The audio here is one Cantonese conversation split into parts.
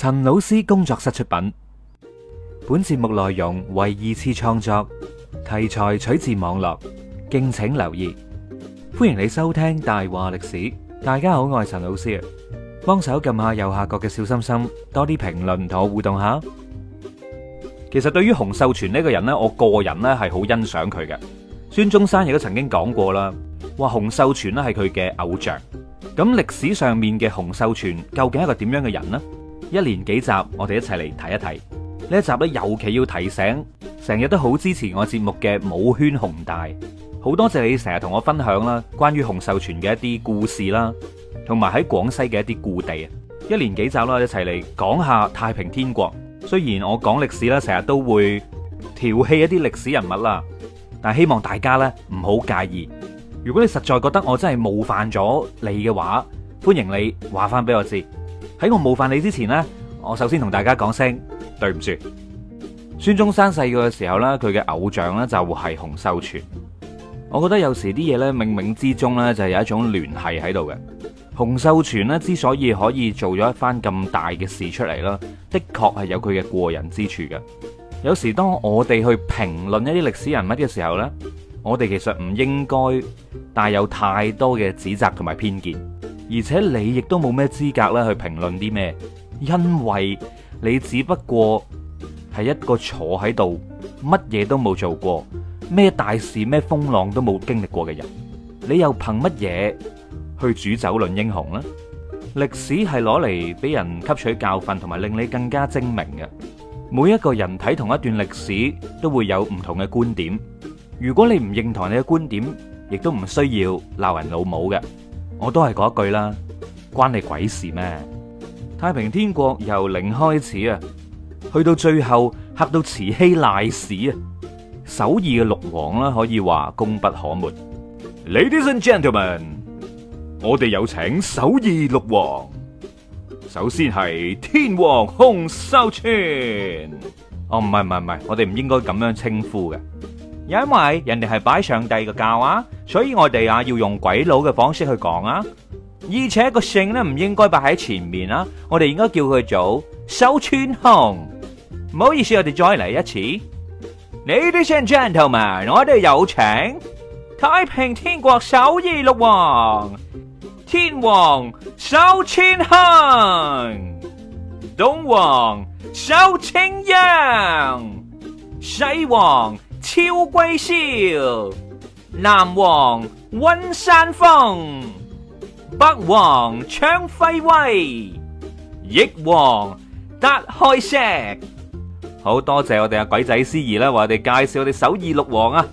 陳老師工作室出品，本節目內容為二次創作，題材取自網絡，敬請留意。歡迎你收聽大話歷史。大家好，我係陳老師啊，幫手撳下右下角嘅小心心，多啲評論同我互動下。其實對於洪秀全呢個人咧，我個人咧係好欣賞佢嘅。孫中山亦都曾經講過啦，話洪秀全咧係佢嘅偶像。咁歷史上面嘅洪秀全究竟係一個點樣嘅人呢？一連幾集，我哋一齊嚟睇一睇呢一集咧，尤其要提醒，成日都好支持我節目嘅武圈紅大，好多謝你成日同我分享啦，關於洪秀全嘅一啲故事啦，同埋喺廣西嘅一啲故地。一連幾集啦，一齊嚟講下太平天國。雖然我講歷史咧，成日都會調戲一啲歷史人物啦，但希望大家咧唔好介意。如果你實在覺得我真係冒犯咗你嘅話，歡迎你話翻俾我知。喺我冒犯你之前呢，我首先同大家講聲對唔住。孫中山細個嘅時候呢，佢嘅偶像呢就係洪秀全。我覺得有時啲嘢呢，冥冥之中呢就係有一種聯繫喺度嘅。洪秀全呢之所以可以做咗一番咁大嘅事出嚟啦，的確係有佢嘅過人之處嘅。有時當我哋去評論一啲歷史人物嘅時候呢，我哋其實唔應該帶有太多嘅指責同埋偏見。而且你亦都冇咩資格啦，去評論啲咩，因為你只不過係一個坐喺度乜嘢都冇做過，咩大事咩風浪都冇經歷過嘅人，你又憑乜嘢去煮酒論英雄呢？歷史係攞嚟俾人吸取教訓同埋令你更加精明嘅。每一個人睇同一段歷史都會有唔同嘅觀點。如果你唔認同你嘅觀點，亦都唔需要鬧人老母嘅。我都係嗰句啦，關你鬼事咩？太平天國由零開始啊，去到最後嚇到慈禧賴屎啊！首義嘅六王啦，可以話功不可沒。Ladies and gentlemen，我哋有請首義六王。首先係天王洪秀全。哦，唔係唔係唔係，我哋唔應該咁樣稱呼嘅。因為人哋係擺上帝嘅教啊，所以我哋啊要用鬼佬嘅方式去講啊，而且個姓咧唔應該擺喺前面啊，我哋應該叫佢做秀全洪。唔好意思，我哋再嚟一次。Ladies and gentlemen，我哋有請太平天國首義六王：天王秀全洪，東王秀清楊，西王。超貴少，南王溫山峰，北王昌輝韋，翼王達開石，好多謝我哋阿鬼仔司儀啦，為我哋介紹我哋首義六王啊！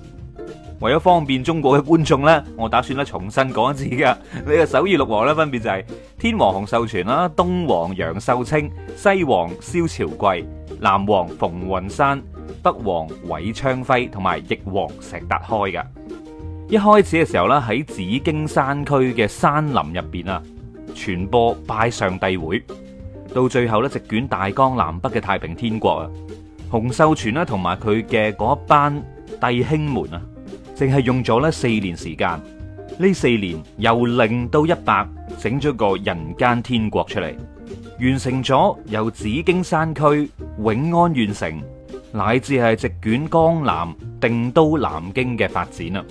為咗方便中國嘅觀眾咧，我打算咧重新講一次噶，呢個首義六王咧分別就係、是、天王洪秀全啦，東王楊秀清，西王蕭朝貴，南王馮雲山。北王韋昌輝同埋翼王石達開嘅一開始嘅時候咧，喺紫荊山區嘅山林入邊啊，傳播拜上帝會，到最後咧，席捲大江南北嘅太平天國啊。洪秀全啦，同埋佢嘅嗰一班弟兄們啊，淨係用咗咧四年時間，呢四年由零到一百，整咗個人間天國出嚟，完成咗由紫荊山區永安完成。乃至係席捲江南定都南京嘅發展啦。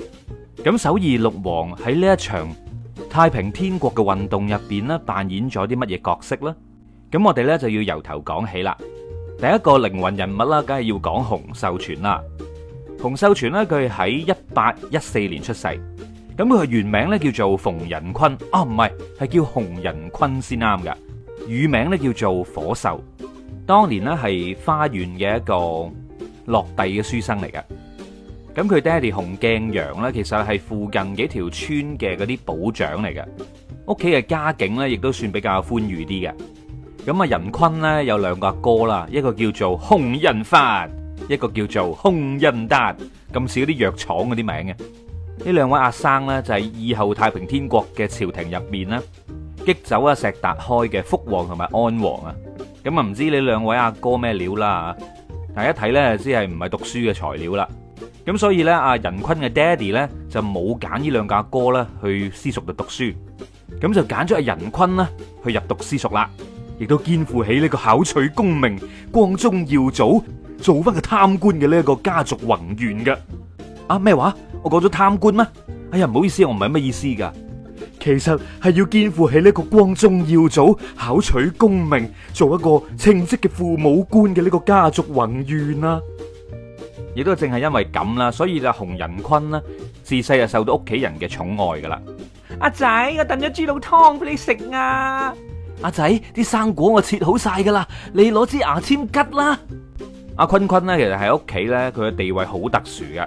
咁首義六王喺呢一場太平天國嘅運動入邊咧，扮演咗啲乜嘢角色呢？咁我哋呢就要由頭講起啦。第一個靈魂人物啦，梗係要講洪秀全啦。洪秀全呢，佢喺一八一四年出世，咁佢嘅原名呢，叫做馮仁坤，啊唔係，係叫洪仁坤先啱㗎。乳名呢，叫做火秀，當年呢，係花縣嘅一個。落地嘅書生嚟嘅，咁佢爹哋洪鏡陽咧，其實係附近幾條村嘅嗰啲保長嚟嘅，屋企嘅家境咧亦都算比較寬裕啲嘅。咁啊，仁坤咧有兩個阿哥啦，一個叫做洪仁發，一個叫做洪仁達，咁似嗰啲藥廠嗰啲名嘅。呢兩位阿生咧就係以後太平天國嘅朝廷入面啦，擊走阿石達開嘅福王同埋安王啊。咁啊，唔知你兩位阿哥咩料啦啊？大家睇咧，即係唔係讀書嘅材料啦，咁所以咧，阿仁坤嘅爹地咧就冇揀呢兩架哥咧去私塾度讀書，咁就揀咗阿仁坤啦去入讀私塾啦，亦都肩負起呢個考取功名、光宗耀祖、做翻個貪官嘅呢一個家族宏願噶。啊，咩話？我講咗貪官咩？哎呀，唔好意思，我唔係乜意思噶。其實係要肩負起呢個光宗耀祖、考取功名、做一個稱職嘅父母官嘅呢個家族宏願啦。亦都正係因為咁啦，所以就洪仁坤啦，自細就受到屋企人嘅寵愛噶啦。阿、啊、仔，我燉咗豬肚湯俾你食啊！阿、啊、仔，啲生果我切好晒噶啦，你攞支牙籤拮啦。阿、啊、坤坤呢，其實喺屋企咧，佢嘅地位好特殊嘅，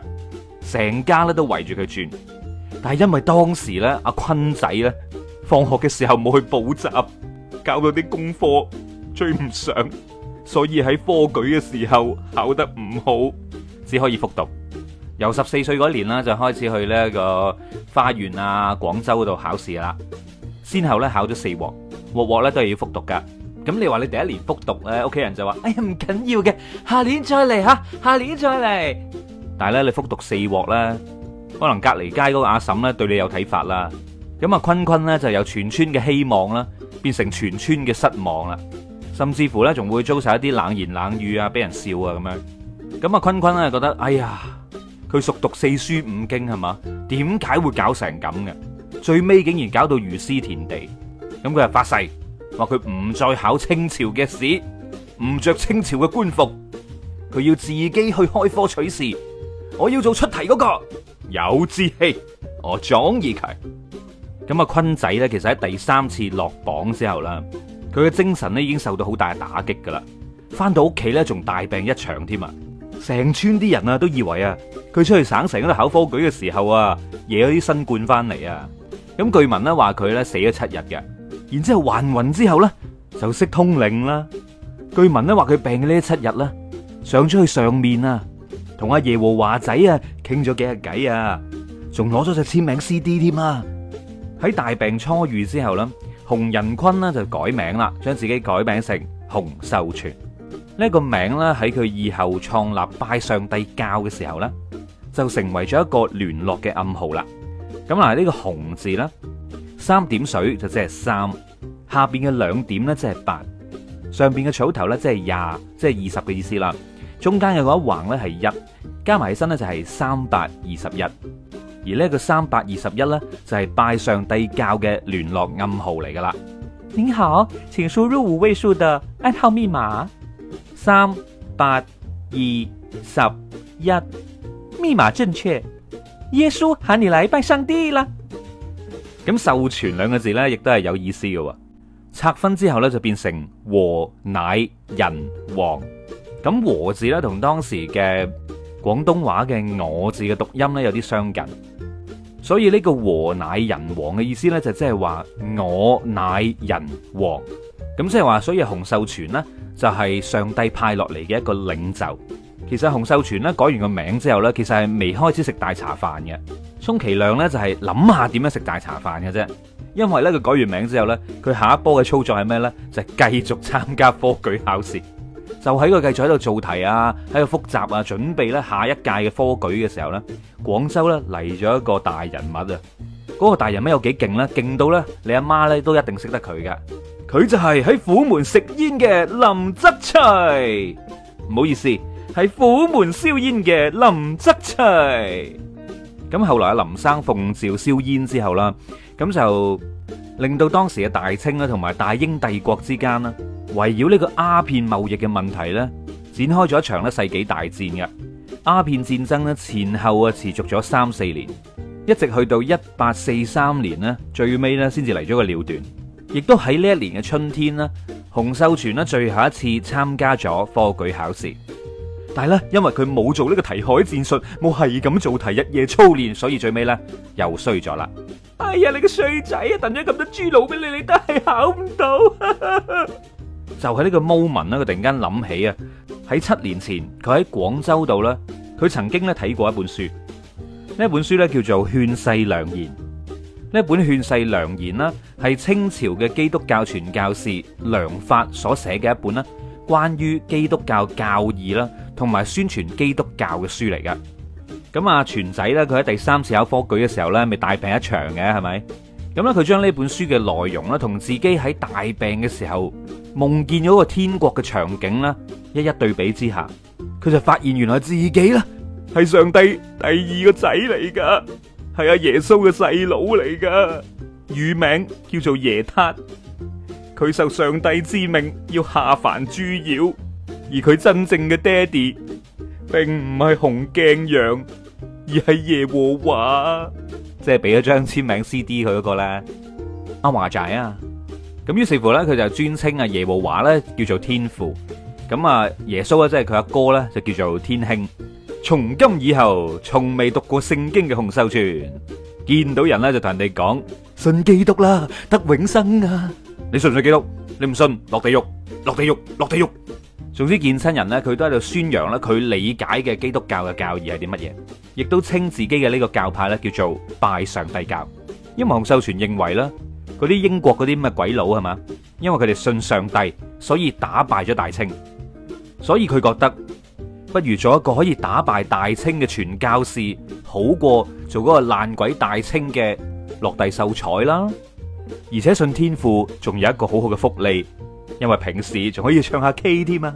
成家咧都圍住佢轉。但係因為當時咧，阿坤仔咧放學嘅時候冇去補習，搞到啲功課追唔上，所以喺科舉嘅時候考得唔好，只可以復讀。由十四歲嗰年啦，就開始去呢個花園啊廣州嗰度考試啦，先後咧考咗四鑊，鑊鑊咧都係要復讀噶。咁你話你第一年復讀咧，屋企人就話，哎呀唔緊要嘅，下年再嚟吓，下年再嚟。但係咧，你復讀四鑊咧。呢可能隔籬街嗰個阿嬸咧對你有睇法啦。咁啊，坤坤咧就由全村嘅希望啦，變成全村嘅失望啦，甚至乎咧仲會遭受一啲冷言冷語啊，俾人笑啊咁樣。咁啊，坤坤咧覺得哎呀，佢熟讀四書五經係嘛，點解會搞成咁嘅？最尾竟然搞到如斯田地，咁佢係發誓話佢唔再考清朝嘅試，唔着清朝嘅官服，佢要自己去開科取士，我要做出題嗰、那個。有志氣，我壯意鍾意佢。咁啊，坤仔咧，其實喺第三次落榜之後啦，佢嘅精神咧已經受到好大嘅打擊噶啦。翻到屋企咧，仲大病一場添啊！成村啲人啊，都以為啊，佢出去省城度考科舉嘅時候啊，惹咗啲新冠翻嚟啊。咁據聞呢，話佢咧死咗七日嘅。然後還之後還魂之後咧，就識通靈啦。據聞呢，話佢病嘅呢七日啦，上咗去上面啊，同阿耶和華仔啊。傾咗幾日偈啊，仲攞咗隻簽名 CD 添啊！喺大病初愈之後咧，洪仁坤咧就改名啦，將自己改名成洪秀全。呢個名咧喺佢以後創立拜上帝教嘅時候咧，就成為咗一個聯絡嘅暗號啦。咁嗱，呢個洪字咧，三點水就即係三，下邊嘅兩點咧即係八，上邊嘅草頭咧即係廿，即係二十嘅意思啦。中間嘅嗰一橫咧係一。加埋起身咧就係三百二十一，而個呢個三百二十一咧就係、是、拜上帝教嘅聯絡暗號嚟噶啦。你好，請輸入五位數嘅暗號密碼，三百二十一，密碼正確。耶穌喊你嚟拜上帝啦。咁秀、嗯、全兩個字咧亦都係有意思嘅，拆分之後咧就變成禾乃人王。咁、嗯、禾字咧同當時嘅。廣東話嘅我字嘅讀音呢有啲相近，所以呢個和乃人王嘅意思呢，就即係話我乃人王，咁即係話，所以洪秀全呢，就係上帝派落嚟嘅一個領袖。其實洪秀全呢，改完個名之後呢，其實係未開始食大茶飯嘅，充其量呢，就係諗下點樣食大茶飯嘅啫。因為呢，佢改完名之後呢，佢下一波嘅操作係咩呢？就係繼續參加科舉考試。就喺佢繼續喺度做題啊，喺度復習啊，準備咧下一屆嘅科舉嘅時候咧，廣州咧嚟咗一個大人物啊，嗰個大人物有幾勁咧？勁到咧你阿媽咧都一定識得佢㗎，佢就係喺虎門食煙嘅林則徐，唔好意思，係虎門銷煙嘅林則徐，咁後來阿林生奉召銷煙之後啦，咁就。令到當時嘅大清啦，同埋大英帝國之間啦，圍繞呢個鴉片貿易嘅問題咧，展開咗一場咧世紀大戰嘅鴉片戰爭咧，前後啊持續咗三四年，一直去到一八四三年咧，最尾咧先至嚟咗個了斷，亦都喺呢一年嘅春天啦，洪秀全咧最後一次參加咗科舉考試，但係咧因為佢冇做呢個題海戰術，冇係咁做題，日夜操練，所以最尾咧又衰咗啦。哎呀，你個衰仔啊，燉咗咁多豬腦俾你，你都係考唔到。 就喺呢個 moment 啦，佢突然間諗起啊，喺七年前佢喺廣州度啦，佢曾經咧睇過一本書，呢本書咧叫做《勸世良言》，呢本《勸世良言》啦，係清朝嘅基督教傳教士梁發所寫嘅一本啦，關於基督教教義啦，同埋宣傳基督教嘅書嚟噶。咁啊，嗯，全仔啦，佢喺第三次考科舉嘅時候咧，咪大病一場嘅係咪？咁咧，佢將呢本書嘅內容啦，同自己喺大病嘅時候夢見咗個天國嘅場景啦，一一對比之下，佢就發現原來自己啦係上帝第二個仔嚟噶，係阿耶穌嘅細佬嚟噶，乳名叫做耶塔，佢受上帝之命要下凡誅妖，而佢真正嘅爹哋並唔係紅鏡羊。而係耶和華，即係俾咗張簽名 CD 佢嗰個咧，阿華仔啊，咁於是乎咧，佢就專稱啊耶和華咧叫做天父，咁啊耶穌啊即係佢阿哥咧就叫做天兄。從今以後，從未讀過聖經嘅洪秀全見到人咧就同人哋講，信基督啦得永生啊，你信唔信基督？你唔信落地獄，落地獄，落地獄。總之見親人咧，佢都喺度宣揚咧佢理解嘅基督教嘅教義係啲乜嘢，亦都稱自己嘅呢個教派咧叫做拜上帝教。因為洪秀全認為啦，嗰啲英國嗰啲咁嘅鬼佬係嘛，因為佢哋信上帝，所以打敗咗大清，所以佢覺得不如做一個可以打敗大清嘅傳教士，好過做嗰個爛鬼大清嘅落第秀才啦。而且信天父仲有一個好好嘅福利。因為平時仲可以唱下 K 添啊！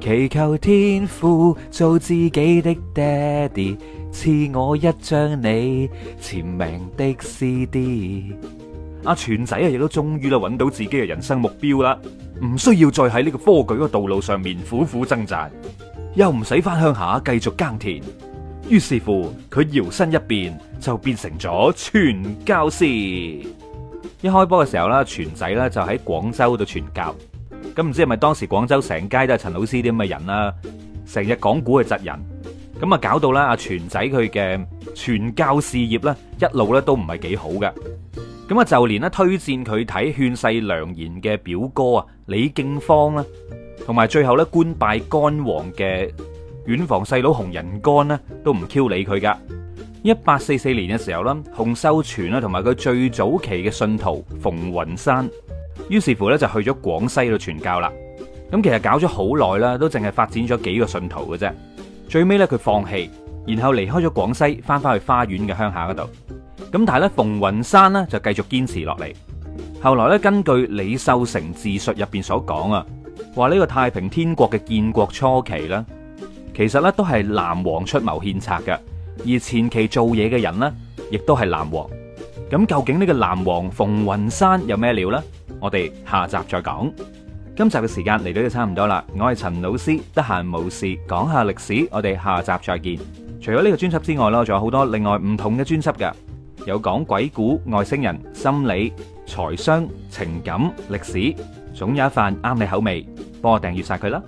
祈求天父做自己的爹地，賜我一張你簽名的 CD。阿全仔啊，亦都終於啦揾到自己嘅人生目標啦，唔需要再喺呢個科舉嘅道路上面苦苦掙扎，又唔使翻鄉下繼續耕田。於是乎，佢搖身一變就變成咗全教師。一開波嘅時候啦，全仔啦就喺廣州度傳教，咁唔知係咪當時廣州成街都係陳老師啲咁嘅人啦，成日講古嘅窒人，咁啊搞到咧阿全仔佢嘅傳教事業咧一路咧都唔係幾好嘅，咁啊就連咧推薦佢睇勸世良言嘅表哥啊李敬芳啦，同埋最後咧官拜干王嘅遠房細佬洪仁干呢，都唔 Q 理佢噶。一八四四年嘅時候啦，洪秀全啦同埋佢最早期嘅信徒馮雲山，於是乎咧就去咗廣西度傳教啦。咁其實搞咗好耐啦，都淨係發展咗幾個信徒嘅啫。最尾咧佢放棄，然後離開咗廣西，翻翻去花縣嘅鄉下嗰度。咁但係咧馮雲山呢，就繼續堅持落嚟。後來咧根據李秀成自述入邊所講啊，話呢個太平天國嘅建國初期啦，其實咧都係南王出謀獻策嘅。而前期做嘢嘅人呢，亦都係南王。咁究竟呢個南王馮雲山有咩料呢？我哋下集再講。今集嘅時間嚟到就差唔多啦。我係陳老師，得閒冇事講下歷史。我哋下集再見。除咗呢個專輯之外呢，仲有好多另外唔同嘅專輯㗎，有講鬼故、外星人、心理、財商、情感、歷史，總有一範啱你口味。幫我訂閱晒佢啦。